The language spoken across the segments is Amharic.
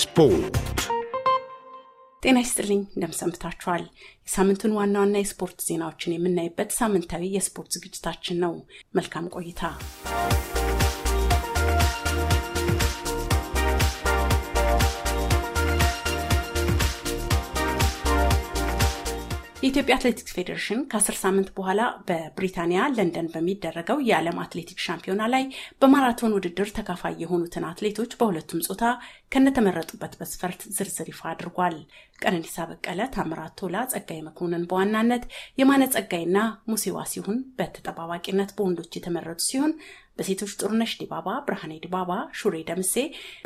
ስፖርት ጤና ይስጥልኝ እንደምሰምታችኋል የሳምንቱን ዋና ዋና የስፖርት ዜናዎችን የምናይበት ሳምንታዊ የስፖርት ዝግጅታችን ነው። መልካም ቆይታ። የኢትዮጵያ አትሌቲክስ ፌዴሬሽን ከአስር ሳምንት በኋላ በብሪታንያ ለንደን በሚደረገው የዓለም አትሌቲክስ ሻምፒዮና ላይ በማራቶን ውድድር ተካፋይ የሆኑትን አትሌቶች በሁለቱም ጾታ ከነተመረጡበት መስፈርት ዝርዝር ይፋ አድርጓል። ቀነኒሳ በቀለ፣ ታምራት ቶላ፣ ጸጋይ መኮንን በዋናነት የማነ ጸጋይና ሙሴዋ ሲሆን በተጠባባቂነት በወንዶች የተመረጡ ሲሆን በሴቶች ጥሩነሽ ዲባባ፣ ብርሃኔ ዲባባ፣ ሹሬ ደምሴ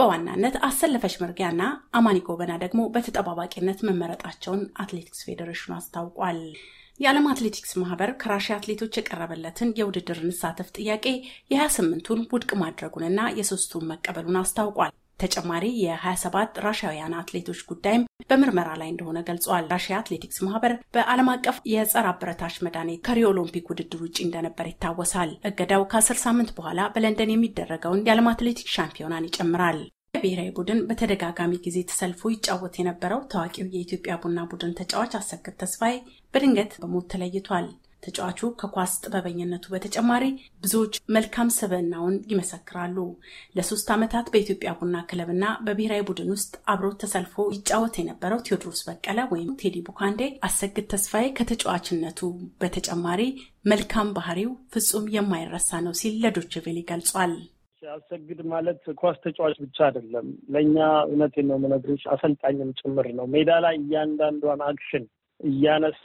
በዋናነት አሰለፈች መርጊያና አማኒ ጎበና ደግሞ በተጠባባቂነት መመረጣቸውን አትሌቲክስ ፌዴሬሽኑ አስታውቋል። የዓለም አትሌቲክስ ማህበር ከራሺያ አትሌቶች የቀረበለትን የውድድር እንሳተፍ ጥያቄ የ28ቱን ውድቅ ማድረጉንና የሶስቱን መቀበሉን አስታውቋል። ተጨማሪ የ27 ራሽያውያን አትሌቶች ጉዳይም በምርመራ ላይ እንደሆነ ገልጿል። ራሽያ አትሌቲክስ ማህበር በዓለም አቀፍ የጸረ አበረታሽ መድኃኒት ከሪዮ ኦሎምፒክ ውድድር ውጭ እንደነበር ይታወሳል። እገዳው ከአስር ሳምንት በኋላ በለንደን የሚደረገውን የዓለም አትሌቲክስ ሻምፒዮናን ይጨምራል። የብሔራዊ ቡድን በተደጋጋሚ ጊዜ ተሰልፎ ይጫወት የነበረው ታዋቂው የኢትዮጵያ ቡና ቡድን ተጫዋች አሰግድ ተስፋዬ በድንገት በሞት ተለይቷል። ተጫዋቹ ከኳስ ጥበበኝነቱ በተጨማሪ ብዙዎች መልካም ስብዕናውን ይመሰክራሉ። ለሶስት ዓመታት በኢትዮጵያ ቡና ክለብና በብሔራዊ ቡድን ውስጥ አብሮ ተሰልፎ ይጫወት የነበረው ቴዎድሮስ በቀለ ወይም ቴዲ ቡካንዴ አሰግድ ተስፋዬ ከተጫዋችነቱ በተጨማሪ መልካም ባህሪው ፍጹም የማይረሳ ነው ሲል ለዶችቬሌ ገልጿል። አሰግድ ማለት ኳስ ተጫዋች ብቻ አይደለም። ለእኛ እውነቴን ነው የምነግርሽ አሰልጣኝም ጭምር ነው። ሜዳ ላይ እያንዳንዷን አክሽን እያነሳ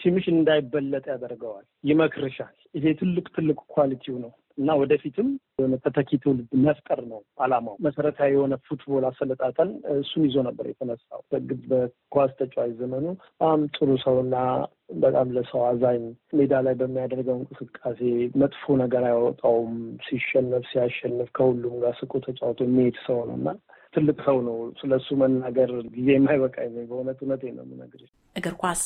ትንሽ እንዳይበለጥ ያደርገዋል፣ ይመክርሻል። ይሄ ትልቅ ትልቅ ኳሊቲው ነው እና ወደፊትም የሆነ ተተኪ ትውልድ መፍጠር ነው አላማው። መሰረታዊ የሆነ ፉትቦል አሰለጣጠን እሱን ይዞ ነበር የተነሳው። በግድ በኳስ ተጫዋች ዘመኑ በጣም ጥሩ ሰውና በጣም ለሰው አዛኝ፣ ሜዳ ላይ በሚያደርገው እንቅስቃሴ መጥፎ ነገር አያወጣውም። ሲሸነፍ ሲያሸንፍ ከሁሉም ጋር ስቆ ተጫውቶ የሚሄድ ሰው ነው እና ትልቅ ሰው ነው። ስለ እሱ መናገር ጊዜ የማይበቃ በእውነት እውነቴን ነው የምነግርሽ እግር ኳስ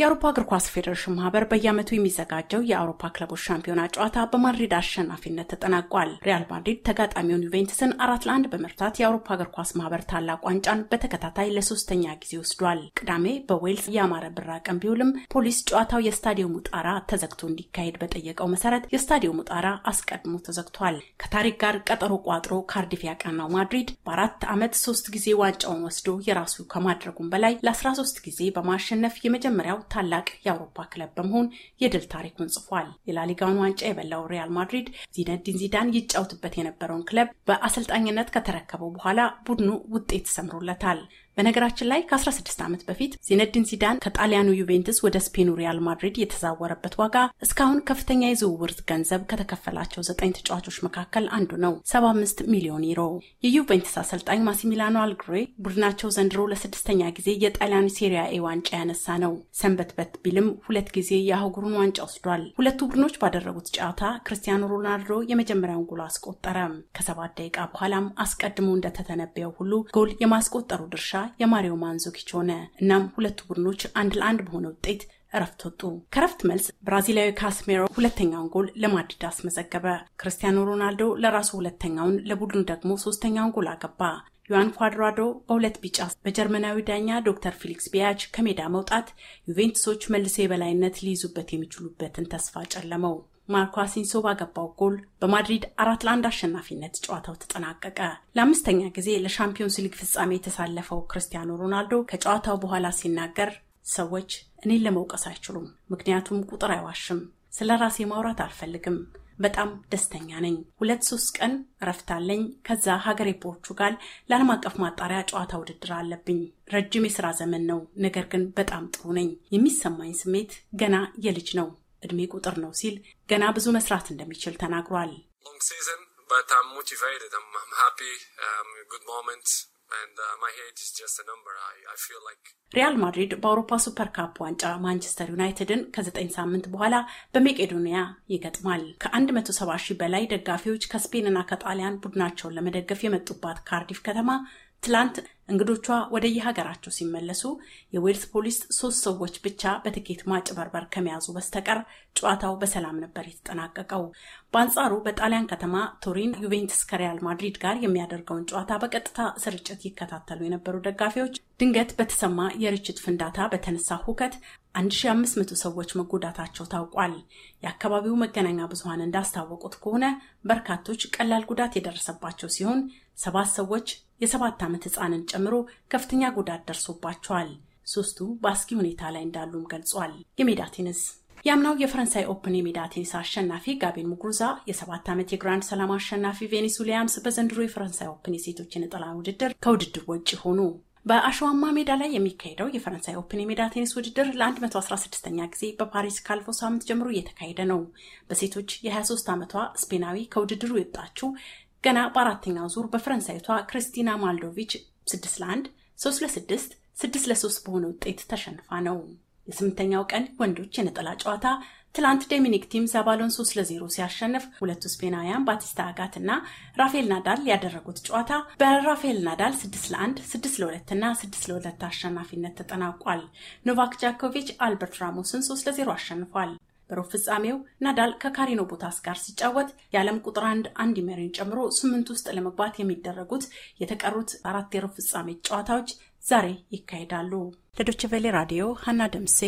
የአውሮፓ እግር ኳስ ፌዴሬሽን ማህበር በየዓመቱ የሚዘጋጀው የአውሮፓ ክለቦች ሻምፒዮና ጨዋታ በማድሪድ አሸናፊነት ተጠናቋል። ሪያል ማድሪድ ተጋጣሚውን ዩቬንትስን አራት ለአንድ በመርታት የአውሮፓ እግር ኳስ ማህበር ታላቅ ዋንጫን በተከታታይ ለሶስተኛ ጊዜ ወስዷል። ቅዳሜ በዌልስ ያማረ ብራ ቀን ቢውልም ፖሊስ ጨዋታው የስታዲየሙ ጣራ ተዘግቶ እንዲካሄድ በጠየቀው መሰረት የስታዲየሙ ጣራ አስቀድሞ ተዘግቷል። ከታሪክ ጋር ቀጠሮ ቋጥሮ ካርዲፍ ያቀናው ማድሪድ በአራት ዓመት ሶስት ጊዜ ዋንጫውን ወስዶ የራሱ ከማድረጉም በላይ ለ13 ጊዜ በማሸነፍ የመጀመሪያው ታላቅ የአውሮፓ ክለብ በመሆን የድል ታሪኩን ጽፏል። የላሊጋውን ዋንጫ የበላው ሪያል ማድሪድ ዚነዲን ዚዳን ይጫወትበት የነበረውን ክለብ በአሰልጣኝነት ከተረከበው በኋላ ቡድኑ ውጤት ሰምሮለታል። በነገራችን ላይ ከ16 ዓመት በፊት ዚነድን ሲዳን ከጣሊያኑ ዩቬንቱስ ወደ ስፔኑ ሪያል ማድሪድ የተዛወረበት ዋጋ እስካሁን ከፍተኛ የዝውውር ገንዘብ ከተከፈላቸው ዘጠኝ ተጫዋቾች መካከል አንዱ ነው፣ 75 ሚሊዮን ዩሮ። የዩቬንቱስ አሰልጣኝ ማሲሚላኖ አልግሬ ቡድናቸው ዘንድሮ ለስድስተኛ ጊዜ የጣሊያን ሴሪያ ኤ ዋንጫ ያነሳ ነው። ሰንበትበት ቢልም ሁለት ጊዜ የአህጉሩን ዋንጫ ወስዷል። ሁለቱ ቡድኖች ባደረጉት ጨዋታ ክርስቲያኖ ሮናልዶ የመጀመሪያውን ጎል አስቆጠረ። ከሰባት ደቂቃ በኋላም አስቀድሞ እንደተተነበየው ሁሉ ጎል የማስቆጠሩ ድርሻ የማሪዮ ማንዞኪች ሆነ። እናም ሁለቱ ቡድኖች አንድ ለአንድ በሆነ ውጤት እረፍት ወጡ። ከረፍት መልስ ብራዚላዊ ካስሜሮ ሁለተኛውን ጎል ለማድሪድ አስመዘገበ። ክርስቲያኖ ሮናልዶ ለራሱ ሁለተኛውን፣ ለቡድኑ ደግሞ ሶስተኛውን ጎል አገባ። ዮሐን ኳድራዶ በሁለት ቢጫ በጀርመናዊ ዳኛ ዶክተር ፊሊክስ ቢያች ከሜዳ መውጣት ዩቬንቱሶች መልሶ የበላይነት ሊይዙበት የሚችሉበትን ተስፋ ጨለመው። ማርኮ ሲንሶ ባገባው ጎል በማድሪድ አራት ለአንድ አሸናፊነት ጨዋታው ተጠናቀቀ። ለአምስተኛ ጊዜ ለሻምፒዮንስ ሊግ ፍጻሜ የተሳለፈው ክርስቲያኖ ሮናልዶ ከጨዋታው በኋላ ሲናገር ሰዎች እኔን ለመውቀስ አይችሉም፣ ምክንያቱም ቁጥር አይዋሽም። ስለ ራሴ ማውራት አልፈልግም። በጣም ደስተኛ ነኝ። ሁለት ሶስት ቀን እረፍታለኝ። ከዛ ሀገሬ ፖርቹጋል ለዓለም አቀፍ ማጣሪያ ጨዋታ ውድድር አለብኝ። ረጅም የስራ ዘመን ነው፣ ነገር ግን በጣም ጥሩ ነኝ። የሚሰማኝ ስሜት ገና የልጅ ነው እድሜ ቁጥር ነው ሲል ገና ብዙ መስራት እንደሚችል ተናግሯል። ሪያል ማድሪድ በአውሮፓ ሱፐር ካፕ ዋንጫ ማንቸስተር ዩናይትድን ከዘጠኝ ሳምንት በኋላ በሜቄዶኒያ ይገጥማል። ከ170 ሺህ በላይ ደጋፊዎች ከስፔንና ከጣሊያን ቡድናቸውን ለመደገፍ የመጡባት ካርዲፍ ከተማ ትላንት እንግዶቿ ወደየሀገራቸው ሲመለሱ የዌልስ ፖሊስ ሶስት ሰዎች ብቻ በትኬት ማጭበርበር ከመያዙ በስተቀር ጨዋታው በሰላም ነበር የተጠናቀቀው። በአንጻሩ በጣሊያን ከተማ ቶሪን ዩቬንትስ ከሪያል ማድሪድ ጋር የሚያደርገውን ጨዋታ በቀጥታ ስርጭት ይከታተሉ የነበሩ ደጋፊዎች ድንገት በተሰማ የርችት ፍንዳታ በተነሳ ሁከት 1500 ሰዎች መጎዳታቸው ታውቋል። የአካባቢው መገናኛ ብዙሃን እንዳስታወቁት ከሆነ በርካቶች ቀላል ጉዳት የደረሰባቸው ሲሆን ሰባት ሰዎች የሰባት ዓመት ሕፃንን ጨምሮ ከፍተኛ ጉዳት ደርሶባቸዋል። ሶስቱ በአስጊ ሁኔታ ላይ እንዳሉም ገልጿል። የሜዳ ቴኒስ የአምናው የፈረንሳይ ኦፕን የሜዳ ቴኒስ አሸናፊ ጋቤን ሙጉሩዛ፣ የሰባት ዓመት የግራንድ ሰላም አሸናፊ ቬኒስ ዊሊያምስ በዘንድሮ የፈረንሳይ ኦፕን የሴቶች የነጠላ ውድድር ከውድድር ውጪ ሆኑ። በአሸዋማ ሜዳ ላይ የሚካሄደው የፈረንሳይ ኦፕን የሜዳ ቴኒስ ውድድር ለ116ኛ ጊዜ በፓሪስ ካልፎ ሳምንት ጀምሮ እየተካሄደ ነው። በሴቶች የ23 ዓመቷ ስፔናዊ ከውድድሩ የወጣችው ገና በአራተኛው ዙር በፈረንሳይቷ ክርስቲና ማልዶቪች 6 ለ1፣ 3 ለ6፣ 6 ለ3 በሆነ ውጤት ተሸንፋ ነው። የስምንተኛው ቀን ወንዶች የነጠላ ጨዋታ ትላንት ዶሚኒክ ቲም ዛባሎን 3 ለ0 ሲያሸንፍ ሁለቱ ስፔናውያን ባቲስታ አጋት እና ራፌል ናዳል ያደረጉት ጨዋታ በራፌል ናዳል 6 ለ1፣ 6 ለ2 እና 6 ለ2 አሸናፊነት ተጠናቋል። ኖቫክ ጃኮቪች አልበርት ራሞስን 3 ለ0 አሸንፏል። በሩብ ፍጻሜው ናዳል ከካሪኖ ቦታስ ጋር ሲጫወት የዓለም ቁጥር አንድ አንዲ መሪን ጨምሮ ስምንት ውስጥ ለመግባት የሚደረጉት የተቀሩት አራት የሩብ ፍጻሜ ጨዋታዎች ዛሬ ይካሄዳሉ። ለዶችቬሌ ራዲዮ ሀና ደምሴ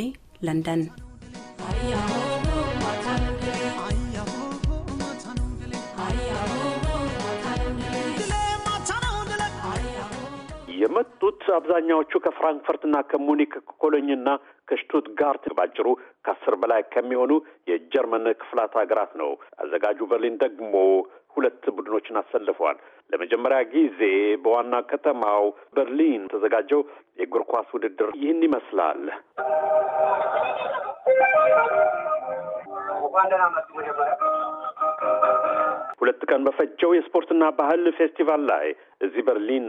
ለንደን። የመጡት አብዛኛዎቹ ከፍራንክፈርትና ከሙኒክ ከኮሎኝና ከሽቱትጋርት ባጭሩ ከአስር በላይ ከሚሆኑ የጀርመን ክፍላት ሀገራት ነው። አዘጋጁ በርሊን ደግሞ ሁለት ቡድኖችን አሰልፈዋል። ለመጀመሪያ ጊዜ በዋና ከተማው በርሊን ተዘጋጀው የእግር ኳስ ውድድር ይህን ይመስላል። ሁለት ቀን በፈጀው የስፖርትና ባህል ፌስቲቫል ላይ እዚህ በርሊን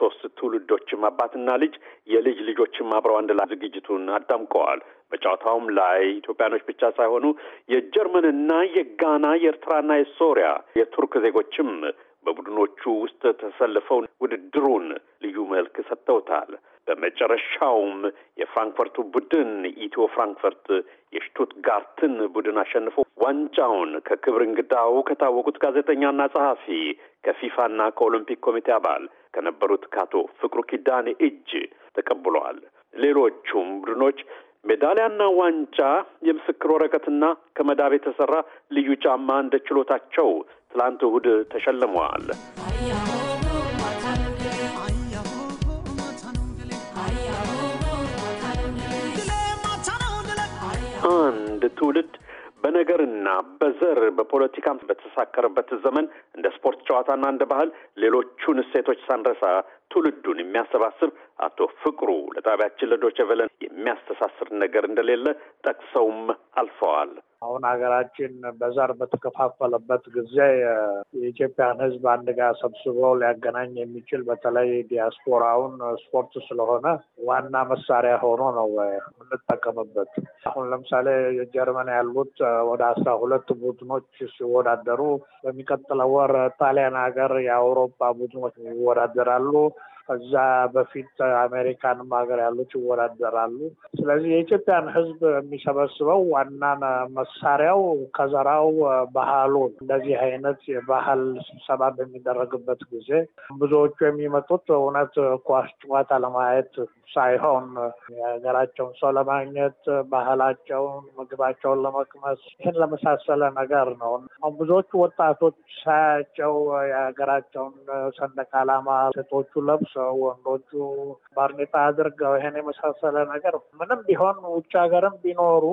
ሶስት ትውልዶችም አባትና ልጅ የልጅ ልጆችም አብረው አንድ ላይ ዝግጅቱን አዳምቀዋል። በጨዋታውም ላይ ኢትዮጵያኖች ብቻ ሳይሆኑ የጀርመንና የጋና የኤርትራና የሶሪያ የቱርክ ዜጎችም በቡድኖቹ ውስጥ ተሰልፈው ውድድሩን ልዩ መልክ ሰጥተውታል። በመጨረሻውም የፍራንክፈርቱ ቡድን ኢትዮ ፍራንክፈርት የሽቱትጋርትን ቡድን አሸንፎ ዋንጫውን ከክብር እንግዳው ከታወቁት ጋዜጠኛና ጸሐፊ ከፊፋና ከኦሎምፒክ ኮሚቴ አባል ከነበሩት ከአቶ ፍቅሩ ኪዳኔ እጅ ተቀብለዋል። ሌሎቹም ቡድኖች ሜዳሊያና ዋንጫ፣ የምስክር ወረቀትና ከመዳብ የተሰራ ልዩ ጫማ እንደ ችሎታቸው ትላንት እሁድ ተሸልመዋል። አንድ ትውልድ በነገርና በዘር በፖለቲካም በተሳከረበት ዘመን እንደ ስፖርት ጨዋታና እንደ ባህል ሌሎቹን እሴቶች ሳንረሳ ትውልዱን የሚያሰባስብ አቶ ፍቅሩ ለጣቢያችን ለዶቸቨለን የሚያስተሳስር ነገር እንደሌለ ጠቅሰውም አልፈዋል። አሁን ሀገራችን በዘር በተከፋፈለበት ጊዜ የኢትዮጵያን ሕዝብ አንድ ጋር ሰብስቦ ሊያገናኝ የሚችል በተለይ ዲያስፖራውን ስፖርት ስለሆነ ዋና መሳሪያ ሆኖ ነው የምንጠቀምበት። አሁን ለምሳሌ የጀርመን ያሉት ወደ አስራ ሁለት ቡድኖች ሲወዳደሩ በሚቀጥለው ወር ጣሊያን ሀገር የአውሮፓ ቡድኖች ይወዳደራሉ። ከዛ በፊት አሜሪካንም ሀገር ያሉት ይወዳደራሉ። ስለዚህ የኢትዮጵያን ሕዝብ የሚሰበስበው ዋና መሳሪያው ከዘራው ባህሉ እንደዚህ አይነት የባህል ስብሰባ በሚደረግበት ጊዜ ብዙዎቹ የሚመጡት እውነት ኳስ ጨዋታ ለማየት ሳይሆን የሀገራቸውን ሰው ለማግኘት፣ ባህላቸውን፣ ምግባቸውን ለመቅመስ ይህን ለመሳሰለ ነገር ነው። ብዙዎቹ ወጣቶች ሳያቸው የሀገራቸውን ሰንደቅ ዓላማ ሴቶቹ ለብሶ ወንዶቹ ባርኔጣ አድርገው ይህን የመሳሰለ ነገር ምንም ቢሆን ውጭ ሀገርም ቢኖሩ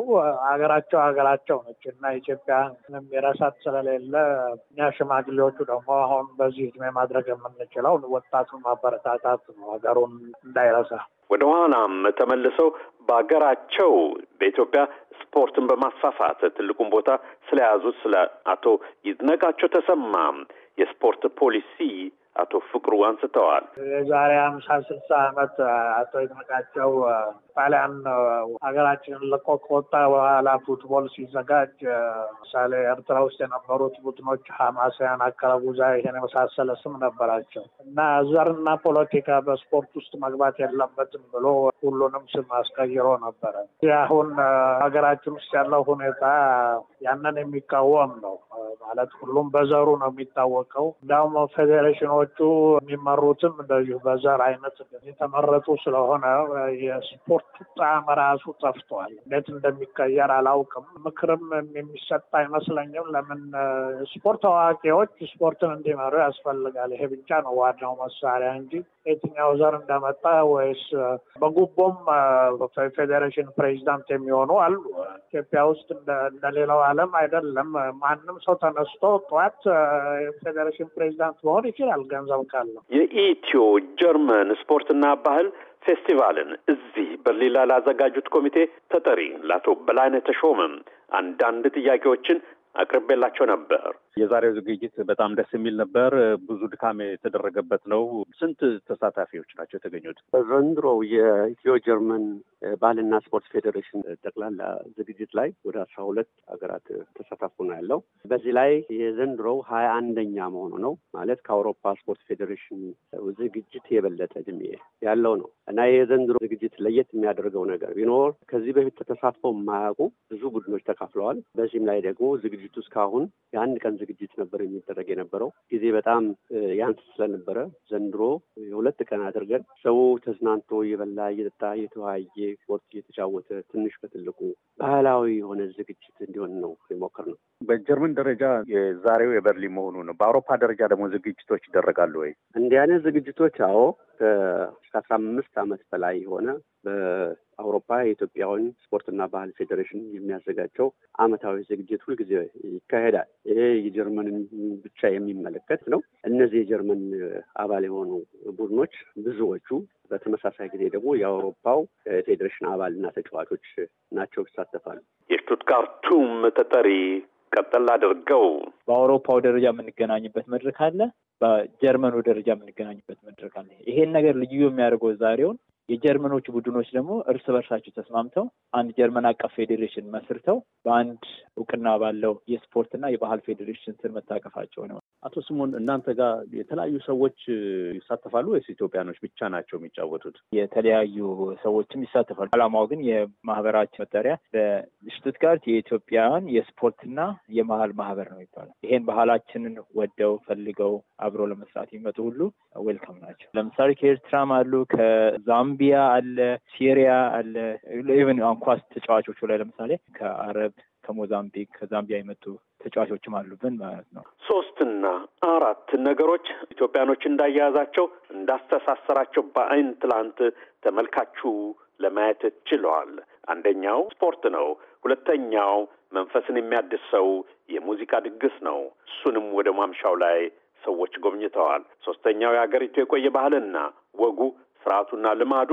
አገራቸው አገራቸው ነች እና ኢትዮጵያን የሚረሳት ስለሌለ እኛ ሽማግሌዎቹ ደግሞ አሁን በዚህ እድሜ ማድረግ የምንችለው ወጣቱን ማበረታታት ነው፣ ሀገሩን እንዳይረሳ። ወደ ኋላም ተመልሰው በሀገራቸው በኢትዮጵያ ስፖርትን በማስፋፋት ትልቁን ቦታ ስለያዙት ስለ አቶ ይዝነቃቸው ተሰማ የስፖርት ፖሊሲ አቶ ፍቅሩ አንስተዋል። የዛሬ ሃምሳ ስልሳ ዓመት አቶ ይድነቃቸው ጣሊያን ሀገራችንን ለቆ ከወጣ በኋላ ፉትቦል ሲዘጋጅ ምሳሌ ኤርትራ ውስጥ የነበሩት ቡድኖች ሀማስያን፣ አከረጉዛ ይሄን የመሳሰለ ስም ነበራቸው እና ዘርና ፖለቲካ በስፖርት ውስጥ መግባት የለበትም ብሎ ሁሉንም ስም አስቀይሮ ነበረ። አሁን ሀገራችን ውስጥ ያለው ሁኔታ ያንን የሚቃወም ነው። ማለት ሁሉም በዘሩ ነው የሚታወቀው። እንዲሁም ፌዴሬሽኖቹ የሚመሩትም እንደዚሁ በዘር አይነት የተመረጡ ስለሆነ የስፖርት ጣዕም ራሱ ጠፍቷል። እንዴት እንደሚቀየር አላውቅም። ምክርም የሚሰጥ አይመስለኝም። ለምን ስፖርት አዋቂዎች ስፖርትን እንዲመሩ ያስፈልጋል። ይሄ ብቻ ነው ዋናው መሳሪያ እንጂ የትኛው ዘር እንደመጣ ወይስ በጉቦም ፌዴሬሽን ፕሬዚዳንት የሚሆኑ አሉ። ኢትዮጵያ ውስጥ እንደሌላው ዓለም አይደለም። ማንም ሰው ተነስቶ ጠዋት ፌዴሬሽን ፕሬዚዳንት መሆን ይችላል ገንዘብ ካለው። የኢትዮ ጀርመን ስፖርትና ባህል ፌስቲቫልን እዚህ በሌላ ላዘጋጁት ኮሚቴ ተጠሪ ለአቶ በላይነ ተሾመም አንዳንድ ጥያቄዎችን አቅርቤላቸው ነበር። የዛሬው ዝግጅት በጣም ደስ የሚል ነበር። ብዙ ድካም የተደረገበት ነው። ስንት ተሳታፊዎች ናቸው የተገኙት? በዘንድሮው የኢትዮ ጀርመን ባህልና ስፖርት ፌዴሬሽን ጠቅላላ ዝግጅት ላይ ወደ አስራ ሁለት ሀገራት ተሳታፉ ነው ያለው። በዚህ ላይ የዘንድሮው ሀያ አንደኛ መሆኑ ነው ማለት ከአውሮፓ ስፖርት ፌዴሬሽን ዝግጅት የበለጠ እድሜ ያለው ነው እና የዘንድሮ ዝግጅት ለየት የሚያደርገው ነገር ቢኖር ከዚህ በፊት ተሳትፎ የማያውቁ ብዙ ቡድኖች ተካፍለዋል። በዚህም ላይ ደግሞ ዝግጅቱ እስካሁን የአንድ ቀን ዝግጅት ነበር የሚደረግ የነበረው። ጊዜ በጣም ያንስ ስለነበረ ዘንድሮ የሁለት ቀን አድርገን ሰው ተዝናንቶ እየበላ እየጠጣ እየተወያየ ስፖርት እየተጫወተ ትንሽ በትልቁ ባህላዊ የሆነ ዝግጅት እንዲሆን ነው የሞክር ነው። በጀርመን ደረጃ የዛሬው የበርሊን መሆኑ ነው። በአውሮፓ ደረጃ ደግሞ ዝግጅቶች ይደረጋሉ ወይ? እንዲህ አይነት ዝግጅቶች አዎ ከአስራ አምስት ዓመት በላይ የሆነ አውሮፓ የኢትዮጵያውን ስፖርትና ባህል ፌዴሬሽን የሚያዘጋጀው አመታዊ ዝግጅት ሁልጊዜ ይካሄዳል። ይሄ የጀርመንን ብቻ የሚመለከት ነው። እነዚህ የጀርመን አባል የሆኑ ቡድኖች ብዙዎቹ በተመሳሳይ ጊዜ ደግሞ የአውሮፓው ፌዴሬሽን አባልና ተጫዋቾች ናቸው፣ ይሳተፋሉ። የስቱትጋርቱም ተጠሪ ቀጠል አድርገው በአውሮፓው ደረጃ የምንገናኝበት መድረክ አለ፣ በጀርመኑ ደረጃ የምንገናኝበት መድረክ አለ። ይሄን ነገር ልዩ የሚያደርገው ዛሬውን የጀርመኖች ቡድኖች ደግሞ እርስ በርሳቸው ተስማምተው አንድ ጀርመን አቀፍ ፌዴሬሽን መስርተው በአንድ እውቅና ባለው የስፖርትና የባህል ፌዴሬሽን ስር መታቀፋቸው ነው። አቶ ስሞን እናንተ ጋር የተለያዩ ሰዎች ይሳተፋሉ ወይስ ኢትዮጵያኖች ብቻ ናቸው የሚጫወቱት? የተለያዩ ሰዎችም ይሳተፋሉ። አላማው ግን የማህበራችን መጠሪያ በሽቱትጋርት የኢትዮጵያውያን የስፖርትና የመሀል ማህበር ነው ይባላል። ይሄን ባህላችንን ወደው ፈልገው አብሮ ለመስራት የሚመጡ ሁሉ ዌልካም ናቸው። ለምሳሌ ከኤርትራም አሉ፣ ከዛምቢያ አለ፣ ሲሪያ አለ። ኢቨን አንኳስ ተጫዋቾቹ ላይ ለምሳሌ ከአረብ ከሞዛምቢክ ከዛምቢያ የመጡ ተጫዋቾችም አሉብን ማለት ነው። ሶስትና አራት ነገሮች ኢትዮጵያኖች እንዳያያዛቸው እንዳስተሳሰራቸው በአይን ትላንት ተመልካቹ ለማየት ችለዋል። አንደኛው ስፖርት ነው። ሁለተኛው መንፈስን ሰው የሙዚቃ ድግስ ነው። እሱንም ወደ ማምሻው ላይ ሰዎች ጎብኝተዋል። ሶስተኛው የሀገሪቱ የቆየ ባህልና ወጉ ስርዓቱና ልማዱ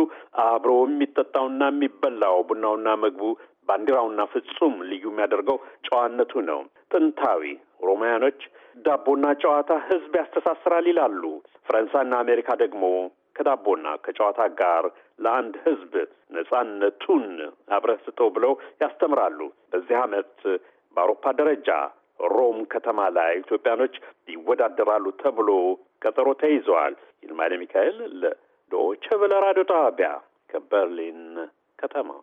አብሮ የሚጠጣውና የሚበላው ቡናውና ምግቡ ባንዲራውና ፍጹም ልዩ የሚያደርገው ጨዋነቱ ነው። ጥንታዊ ሮማያኖች ዳቦና ጨዋታ ህዝብ ያስተሳስራል ይላሉ። ፈረንሳይና አሜሪካ ደግሞ ከዳቦና ከጨዋታ ጋር ለአንድ ህዝብ ነጻነቱን አብረህ ስጠው ብለው ያስተምራሉ። በዚህ ዓመት በአውሮፓ ደረጃ ሮም ከተማ ላይ ኢትዮጵያኖች ይወዳደራሉ ተብሎ ቀጠሮ ተይዘዋል። ይልማደ ሚካኤል ለዶቸ ቨለ ራዲዮ ጣቢያ ከበርሊን ከተማ